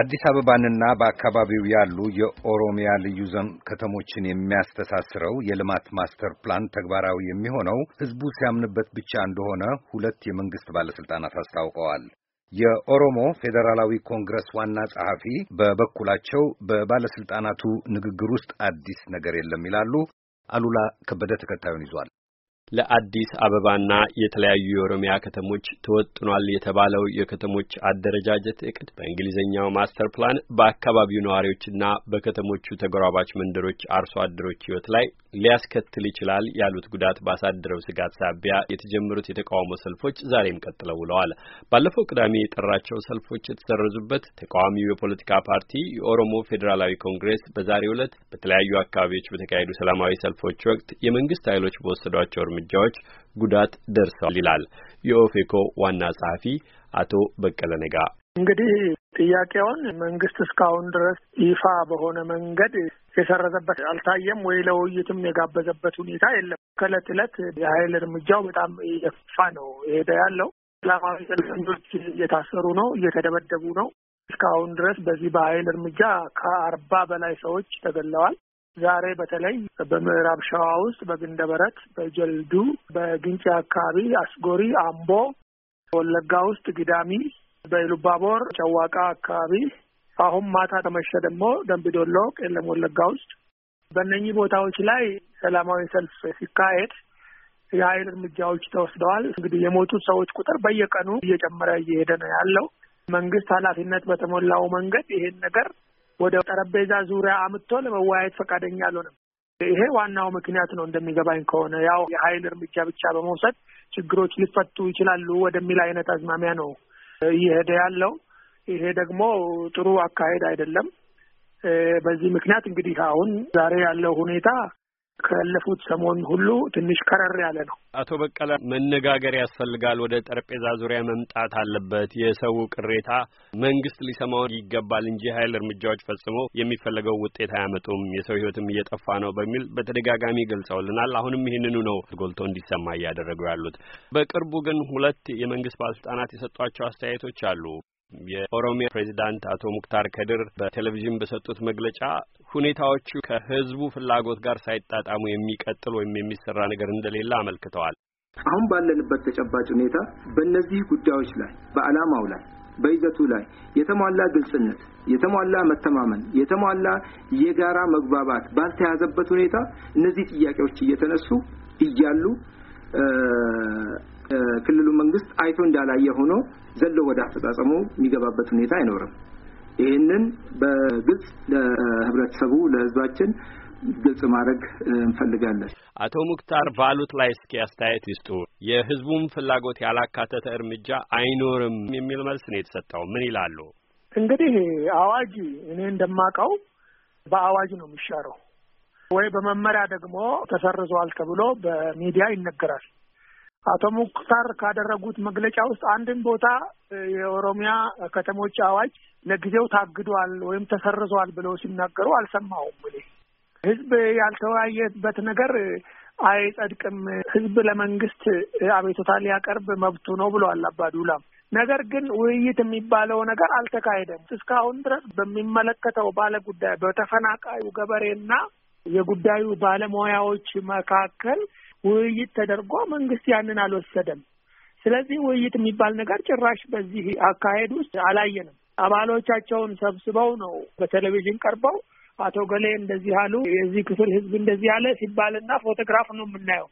አዲስ አበባንና በአካባቢው ያሉ የኦሮሚያ ልዩ ዞን ከተሞችን የሚያስተሳስረው የልማት ማስተር ፕላን ተግባራዊ የሚሆነው ሕዝቡ ሲያምንበት ብቻ እንደሆነ ሁለት የመንግሥት ባለሥልጣናት አስታውቀዋል። የኦሮሞ ፌዴራላዊ ኮንግረስ ዋና ጸሐፊ በበኩላቸው በባለሥልጣናቱ ንግግር ውስጥ አዲስ ነገር የለም ይላሉ። አሉላ ከበደ ተከታዩን ይዟል። ለአዲስ አበባና የተለያዩ የኦሮሚያ ከተሞች ተወጥኗል የተባለው የከተሞች አደረጃጀት እቅድ በእንግሊዝኛው ማስተር ፕላን በአካባቢው ነዋሪዎችና በከተሞቹ ተጎራባች መንደሮች አርሶ አደሮች ሕይወት ላይ ሊያስከትል ይችላል ያሉት ጉዳት ባሳደረው ስጋት ሳቢያ የተጀመሩት የተቃውሞ ሰልፎች ዛሬም ቀጥለው ውለዋል። ባለፈው ቅዳሜ የጠራቸው ሰልፎች የተሰረዙበት ተቃዋሚው የፖለቲካ ፓርቲ የኦሮሞ ፌዴራላዊ ኮንግሬስ በዛሬው ዕለት በተለያዩ አካባቢዎች በተካሄዱ ሰላማዊ ሰልፎች ወቅት የመንግስት ኃይሎች በወሰዷቸው እርምጃዎች ጉዳት ደርሰዋል ይላል የኦፌኮ ዋና ጸሐፊ አቶ በቀለ ነጋ። እንግዲህ ጥያቄውን መንግስት እስካሁን ድረስ ይፋ በሆነ መንገድ የሰረዘበት አልታየም ወይ ለውይይትም የጋበዘበት ሁኔታ የለም። ከእለት እለት የኃይል እርምጃው በጣም እየገፋ ነው የሄደ ያለው። ሰላማዊ ሰልፈኞች እየታሰሩ ነው፣ እየተደበደቡ ነው። እስካሁን ድረስ በዚህ በሀይል እርምጃ ከአርባ በላይ ሰዎች ተገለዋል። ዛሬ በተለይ በምዕራብ ሸዋ ውስጥ በግንደበረት፣ በጀልዱ፣ በግንጭ አካባቢ አስጎሪ፣ አምቦ፣ ወለጋ ውስጥ ግዳሚ፣ በኢሉባቦር ጨዋቃ አካባቢ አሁን ማታ ተመሸ ደግሞ ደንቢ ዶሎ ቄለም ወለጋ ውስጥ በእነኚህ ቦታዎች ላይ ሰላማዊ ሰልፍ ሲካሄድ የኃይል እርምጃዎች ተወስደዋል። እንግዲህ የሞቱት ሰዎች ቁጥር በየቀኑ እየጨመረ እየሄደ ነው ያለው። መንግስት ኃላፊነት በተሞላው መንገድ ይሄን ነገር ወደ ጠረጴዛ ዙሪያ አምጥቶ ለመወያየት ፈቃደኛ አልሆነም። ይሄ ዋናው ምክንያት ነው እንደሚገባኝ ከሆነ ያው የሀይል እርምጃ ብቻ በመውሰድ ችግሮች ሊፈቱ ይችላሉ ወደሚል አይነት አዝማሚያ ነው እየሄደ ያለው። ይሄ ደግሞ ጥሩ አካሄድ አይደለም። በዚህ ምክንያት እንግዲህ አሁን ዛሬ ያለው ሁኔታ ካለፉት ሰሞን ሁሉ ትንሽ ከረር ያለ ነው። አቶ በቀለ መነጋገር ያስፈልጋል። ወደ ጠረጴዛ ዙሪያ መምጣት አለበት። የሰው ቅሬታ መንግስት ሊሰማው ይገባል እንጂ ኃይል እርምጃዎች ፈጽሞ የሚፈለገው ውጤት አያመጡም፣ የሰው ህይወትም እየጠፋ ነው በሚል በተደጋጋሚ ገልጸውልናል። አሁንም ይህንኑ ነው ጎልቶ እንዲሰማ እያደረጉ ያሉት። በቅርቡ ግን ሁለት የመንግስት ባለስልጣናት የሰጧቸው አስተያየቶች አሉ። የኦሮሚያ ፕሬዚዳንት አቶ ሙክታር ከድር በቴሌቪዥን በሰጡት መግለጫ ሁኔታዎቹ ከህዝቡ ፍላጎት ጋር ሳይጣጣሙ የሚቀጥል ወይም የሚሰራ ነገር እንደሌለ አመልክተዋል። አሁን ባለንበት ተጨባጭ ሁኔታ በእነዚህ ጉዳዮች ላይ በዓላማው ላይ በይዘቱ ላይ የተሟላ ግልጽነት፣ የተሟላ መተማመን፣ የተሟላ የጋራ መግባባት ባልተያዘበት ሁኔታ እነዚህ ጥያቄዎች እየተነሱ እያሉ ክልሉ መንግስት አይቶ እንዳላየ ሆኖ ዘሎ ወደ አፈጻጸሙ የሚገባበት ሁኔታ አይኖርም። ይህንን በግልጽ ለህብረተሰቡ ለህዝባችን ግልጽ ማድረግ እንፈልጋለን። አቶ ሙክታር ባሉት ላይ እስኪ አስተያየት ይስጡ። የህዝቡን ፍላጎት ያላካተተ እርምጃ አይኖርም የሚል መልስ ነው የተሰጠው። ምን ይላሉ? እንግዲህ አዋጅ እኔ እንደማውቀው በአዋጅ ነው የሚሻረው ወይ በመመሪያ ደግሞ ተሰርዘዋል ተብሎ በሚዲያ ይነገራል። አቶ ሙክታር ካደረጉት መግለጫ ውስጥ አንድን ቦታ የኦሮሚያ ከተሞች አዋጅ ለጊዜው ታግዷል ወይም ተሰርዟል ብለው ሲናገሩ አልሰማሁም። እኔ ህዝብ ያልተወያየበት ነገር አይጸድቅም፣ ህዝብ ለመንግስት አቤቱታ ሊያቀርብ መብቱ ነው ብሏል አባዱላም። ነገር ግን ውይይት የሚባለው ነገር አልተካሄደም። እስካሁን ድረስ በሚመለከተው ባለ ጉዳይ በተፈናቃዩ ገበሬና የጉዳዩ ባለሙያዎች መካከል ውይይት ተደርጎ መንግስት ያንን አልወሰደም። ስለዚህ ውይይት የሚባል ነገር ጭራሽ በዚህ አካሄድ ውስጥ አላየንም። አባሎቻቸውን ሰብስበው ነው በቴሌቪዥን ቀርበው አቶ ገሌ እንደዚህ አሉ፣ የዚህ ክፍል ህዝብ እንደዚህ አለ ሲባልና ፎቶግራፍ ነው የምናየው።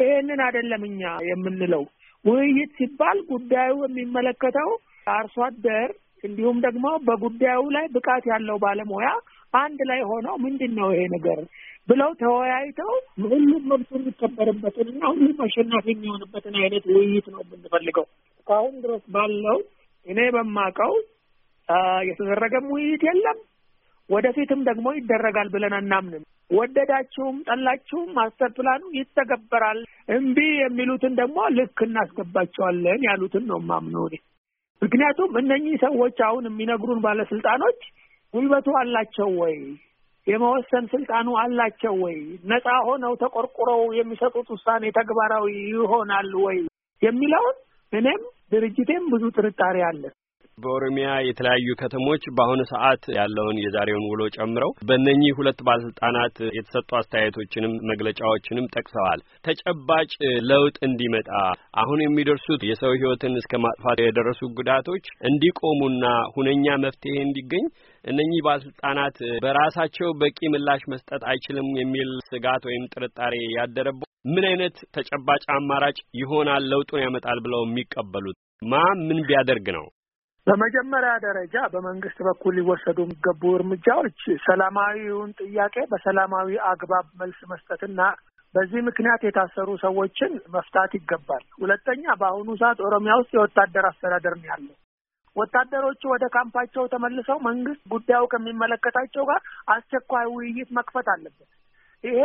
ይህንን አይደለም እኛ የምንለው። ውይይት ሲባል ጉዳዩ የሚመለከተው አርሶ አደር እንዲሁም ደግሞ በጉዳዩ ላይ ብቃት ያለው ባለሙያ አንድ ላይ ሆነው ምንድን ነው ይሄ ነገር ብለው ተወያይተው ሁሉም የሚከበርበትን የሚከበርበትንና ሁሉም አሸናፊ የሚሆንበትን አይነት ውይይት ነው የምንፈልገው። እስካሁን ድረስ ባለው እኔ በማውቀው የተደረገም ውይይት የለም። ወደፊትም ደግሞ ይደረጋል ብለን አናምንም። ወደዳችሁም ጠላችሁም ማስተር ፕላኑ ይተገበራል። እምቢ የሚሉትን ደግሞ ልክ እናስገባቸዋለን ያሉትን ነው ማምነው እኔ። ምክንያቱም እነኚህ ሰዎች አሁን የሚነግሩን ባለስልጣኖች ጉልበቱ አላቸው ወይ? የመወሰን ስልጣኑ አላቸው ወይ? ነፃ ሆነው ተቆርቁረው የሚሰጡት ውሳኔ ተግባራዊ ይሆናል ወይ የሚለውን እኔም ድርጅቴም ብዙ ጥርጣሬ አለ። በኦሮሚያ የተለያዩ ከተሞች በአሁኑ ሰዓት ያለውን የዛሬውን ውሎ ጨምረው በእነኚህ ሁለት ባለስልጣናት የተሰጡ አስተያየቶችንም መግለጫዎችንም ጠቅሰዋል። ተጨባጭ ለውጥ እንዲመጣ አሁን የሚደርሱት የሰው ሕይወትን እስከ ማጥፋት የደረሱ ጉዳቶች እንዲቆሙና ሁነኛ መፍትሄ እንዲገኝ እነኚህ ባለስልጣናት በራሳቸው በቂ ምላሽ መስጠት አይችልም የሚል ስጋት ወይም ጥርጣሬ ያደረበው ምን አይነት ተጨባጭ አማራጭ ይሆናል ለውጡን ያመጣል ብለው የሚቀበሉት ማ ምን ቢያደርግ ነው? በመጀመሪያ ደረጃ በመንግስት በኩል ሊወሰዱ የሚገቡ እርምጃዎች ሰላማዊውን ጥያቄ በሰላማዊ አግባብ መልስ መስጠትና በዚህ ምክንያት የታሰሩ ሰዎችን መፍታት ይገባል። ሁለተኛ፣ በአሁኑ ሰዓት ኦሮሚያ ውስጥ የወታደር አስተዳደር ነው ያለው። ወታደሮቹ ወደ ካምፓቸው ተመልሰው መንግስት ጉዳዩ ከሚመለከታቸው ጋር አስቸኳይ ውይይት መክፈት አለበት። ይሄ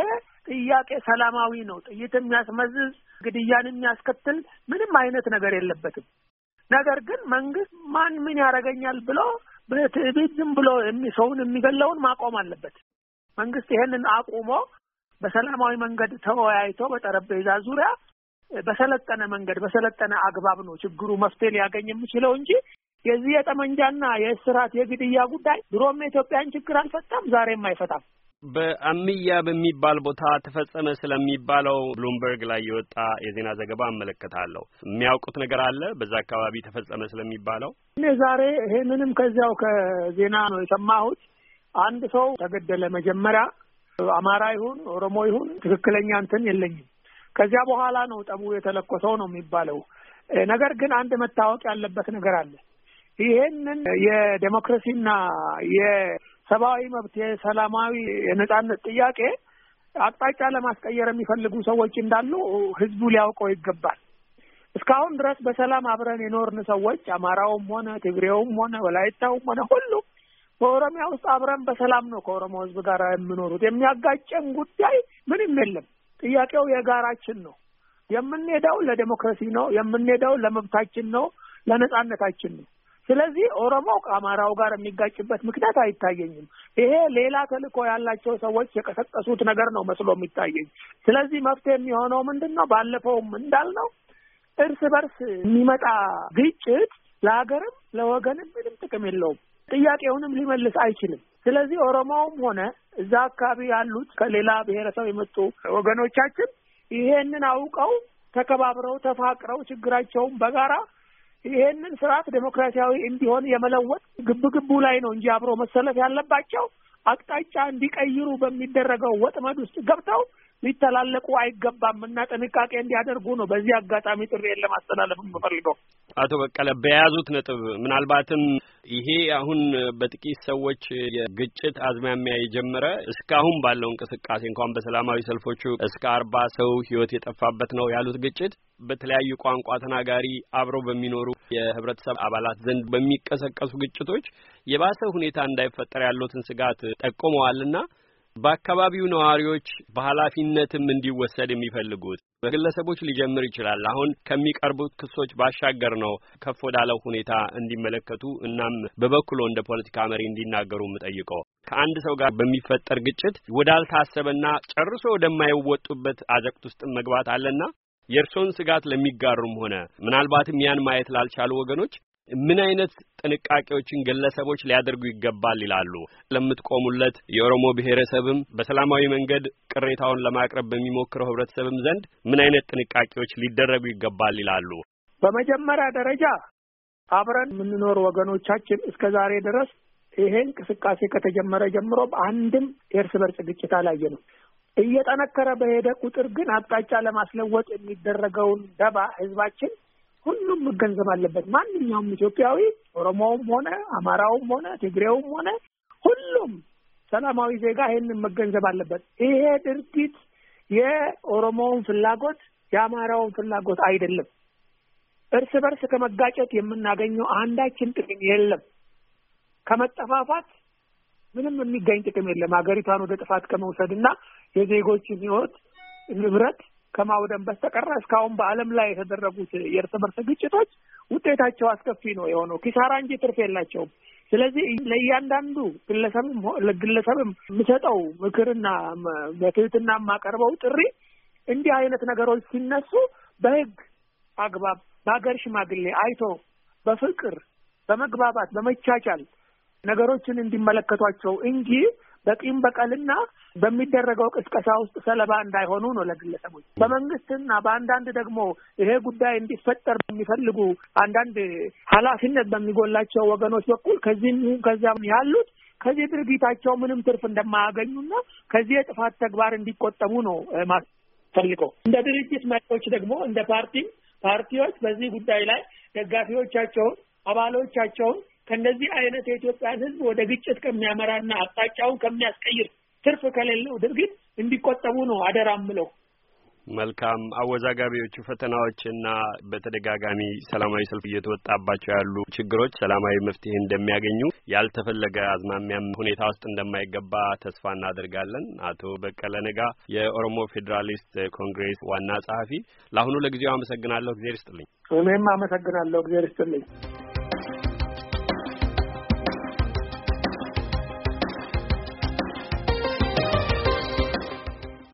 ጥያቄ ሰላማዊ ነው። ጥይት የሚያስመዝዝ ግድያን የሚያስከትል ምንም አይነት ነገር የለበትም። ነገር ግን መንግስት ማን ምን ያደርገኛል ብሎ በትዕቢት ዝም ብሎ ሰውን የሚገለውን ማቆም አለበት። መንግስት ይሄንን አቁሞ በሰላማዊ መንገድ ተወያይቶ በጠረጴዛ ዙሪያ በሰለጠነ መንገድ በሰለጠነ አግባብ ነው ችግሩ መፍትሄ ሊያገኝ የሚችለው እንጂ የዚህ የጠመንጃና የእስራት የግድያ ጉዳይ ድሮም የኢትዮጵያን ችግር አልፈታም፣ ዛሬም አይፈታም። በአምያ በሚባል ቦታ ተፈጸመ ስለሚባለው ብሉምበርግ ላይ የወጣ የዜና ዘገባ አመለከታለሁ። የሚያውቁት ነገር አለ በዛ አካባቢ ተፈጸመ ስለሚባለው? እኔ ዛሬ ይሄንንም ከዚያው ከዜና ነው የሰማሁት። አንድ ሰው ተገደለ። መጀመሪያ አማራ ይሁን ኦሮሞ ይሁን ትክክለኛ እንትን የለኝም። ከዚያ በኋላ ነው ጠቡ የተለኮሰው ነው የሚባለው። ነገር ግን አንድ መታወቅ ያለበት ነገር አለ። ይሄንን የዴሞክራሲና ሰብአዊ መብት፣ የሰላማዊ የነጻነት ጥያቄ አቅጣጫ ለማስቀየር የሚፈልጉ ሰዎች እንዳሉ ህዝቡ ሊያውቀው ይገባል። እስካሁን ድረስ በሰላም አብረን የኖርን ሰዎች አማራውም ሆነ ትግሬውም ሆነ ወላይታውም ሆነ ሁሉ በኦሮሚያ ውስጥ አብረን በሰላም ነው ከኦሮሞ ህዝብ ጋር የምኖሩት። የሚያጋጨን ጉዳይ ምንም የለም። ጥያቄው የጋራችን ነው። የምንሄደው ለዴሞክራሲ ነው። የምንሄደው ለመብታችን ነው፣ ለነጻነታችን ነው። ስለዚህ ኦሮሞው ከአማራው ጋር የሚጋጭበት ምክንያት አይታየኝም። ይሄ ሌላ ተልእኮ ያላቸው ሰዎች የቀሰቀሱት ነገር ነው መስሎ የሚታየኝ። ስለዚህ መፍትሄ የሚሆነው ምንድን ነው? ባለፈውም እንዳልነው እርስ በርስ የሚመጣ ግጭት ለሀገርም ለወገንም ምንም ጥቅም የለውም። ጥያቄውንም ሊመልስ አይችልም። ስለዚህ ኦሮሞውም ሆነ እዛ አካባቢ ያሉት ከሌላ ብሔረሰብ የመጡ ወገኖቻችን ይሄንን አውቀው ተከባብረው ተፋቅረው ችግራቸውን በጋራ ይሄንን ስርዓት ዴሞክራሲያዊ እንዲሆን የመለወጥ ግብግቡ ላይ ነው እንጂ አብሮ መሰለፍ ያለባቸው አቅጣጫ እንዲቀይሩ በሚደረገው ወጥመድ ውስጥ ገብተው ሊተላለቁ አይገባም እና ጥንቃቄ እንዲያደርጉ ነው በዚህ አጋጣሚ ጥሪ ለማስተላለፍ የምፈልገው። አቶ በቀለ በያዙት ነጥብ ምናልባትም ይሄ አሁን በጥቂት ሰዎች የግጭት አዝማሚያ የጀመረ እስካሁን ባለው እንቅስቃሴ እንኳን በሰላማዊ ሰልፎቹ እስከ አርባ ሰው ህይወት የጠፋበት ነው ያሉት ግጭት በተለያዩ ቋንቋ ተናጋሪ አብረው በሚኖሩ የህብረተሰብ አባላት ዘንድ በሚቀሰቀሱ ግጭቶች የባሰ ሁኔታ እንዳይፈጠር ያሉትን ስጋት ጠቁመዋልና በአካባቢው ነዋሪዎች በኃላፊነትም እንዲወሰድ የሚፈልጉት በግለሰቦች ሊጀምር ይችላል። አሁን ከሚቀርቡት ክሶች ባሻገር ነው ከፍ ወዳለው ሁኔታ እንዲመለከቱ እናም በበኩሎ እንደ ፖለቲካ መሪ እንዲናገሩ የምጠይቀው ከአንድ ሰው ጋር በሚፈጠር ግጭት ወዳልታሰበና ጨርሶ ወደማይወጡበት አዘቅት ውስጥ መግባት አለና የእርሶን ስጋት ለሚጋሩም ሆነ ምናልባትም ያን ማየት ላልቻሉ ወገኖች ምን አይነት ጥንቃቄዎችን ግለሰቦች ሊያደርጉ ይገባል ይላሉ? ለምትቆሙለት የኦሮሞ ብሔረሰብም በሰላማዊ መንገድ ቅሬታውን ለማቅረብ በሚሞክረው ህብረተሰብም ዘንድ ምን አይነት ጥንቃቄዎች ሊደረጉ ይገባል ይላሉ? በመጀመሪያ ደረጃ አብረን የምንኖር ወገኖቻችን እስከ ዛሬ ድረስ ይሄ እንቅስቃሴ ከተጀመረ ጀምሮ በአንድም የእርስ በርስ ግጭት ነው። እየጠነከረ በሄደ ቁጥር ግን አቅጣጫ ለማስለወጥ የሚደረገውን ደባ ህዝባችን ሁሉም መገንዘብ አለበት። ማንኛውም ኢትዮጵያዊ ኦሮሞውም ሆነ አማራውም ሆነ ትግሬውም ሆነ ሁሉም ሰላማዊ ዜጋ ይህንን መገንዘብ አለበት። ይሄ ድርጊት የኦሮሞውን ፍላጎት የአማራውን ፍላጎት አይደለም። እርስ በርስ ከመጋጨት የምናገኘው አንዳችን ጥቅም የለም። ከመጠፋፋት ምንም የሚገኝ ጥቅም የለም። ሀገሪቷን ወደ ጥፋት ከመውሰድ እና የዜጎችን ሕይወት ንብረት ከማውደም በስተቀር እስካሁን በዓለም ላይ የተደረጉት የእርስ በርስ ግጭቶች ውጤታቸው አስከፊ ነው የሆነው፣ ኪሳራ እንጂ ትርፍ የላቸውም። ስለዚህ ለእያንዳንዱ ግለሰብም ግለሰብም የምሰጠው ምክርና በትህትና የማቀርበው ጥሪ እንዲህ አይነት ነገሮች ሲነሱ በህግ አግባብ በሀገር ሽማግሌ አይቶ በፍቅር በመግባባት በመቻቻል ነገሮችን እንዲመለከቷቸው እንጂ በቂም በቀልና በሚደረገው ቅስቀሳ ውስጥ ሰለባ እንዳይሆኑ ነው ለግለሰቦች። በመንግስትና በአንዳንድ ደግሞ ይሄ ጉዳይ እንዲፈጠር በሚፈልጉ አንዳንድ ኃላፊነት በሚጎላቸው ወገኖች በኩል ከዚህም ከዚያም ያሉት ከዚህ ድርጊታቸው ምንም ትርፍ እንደማያገኙና ከዚህ የጥፋት ተግባር እንዲቆጠቡ ነው ማስፈልገው። እንደ ድርጅት መሪዎች ደግሞ እንደ ፓርቲ ፓርቲዎች በዚህ ጉዳይ ላይ ደጋፊዎቻቸውን፣ አባሎቻቸውን ከእንደዚህ አይነት የኢትዮጵያን ህዝብ ወደ ግጭት ከሚያመራና አቅጣጫውን ከሚያስቀይር ትርፍ ከሌለው ድርጊት እንዲቆጠቡ ነው አደራ ምለው። መልካም አወዛጋቢዎቹ ፈተናዎችና በተደጋጋሚ ሰላማዊ ሰልፍ እየተወጣባቸው ያሉ ችግሮች ሰላማዊ መፍትሄ እንደሚያገኙ ያልተፈለገ አዝማሚያም ሁኔታ ውስጥ እንደማይገባ ተስፋ እናደርጋለን። አቶ በቀለ ነጋ የኦሮሞ ፌዴራሊስት ኮንግሬስ ዋና ጸሐፊ፣ ለአሁኑ ለጊዜው አመሰግናለሁ። እግዜር ይስጥልኝ። እኔም አመሰግናለሁ። እግዜር ይስጥልኝ።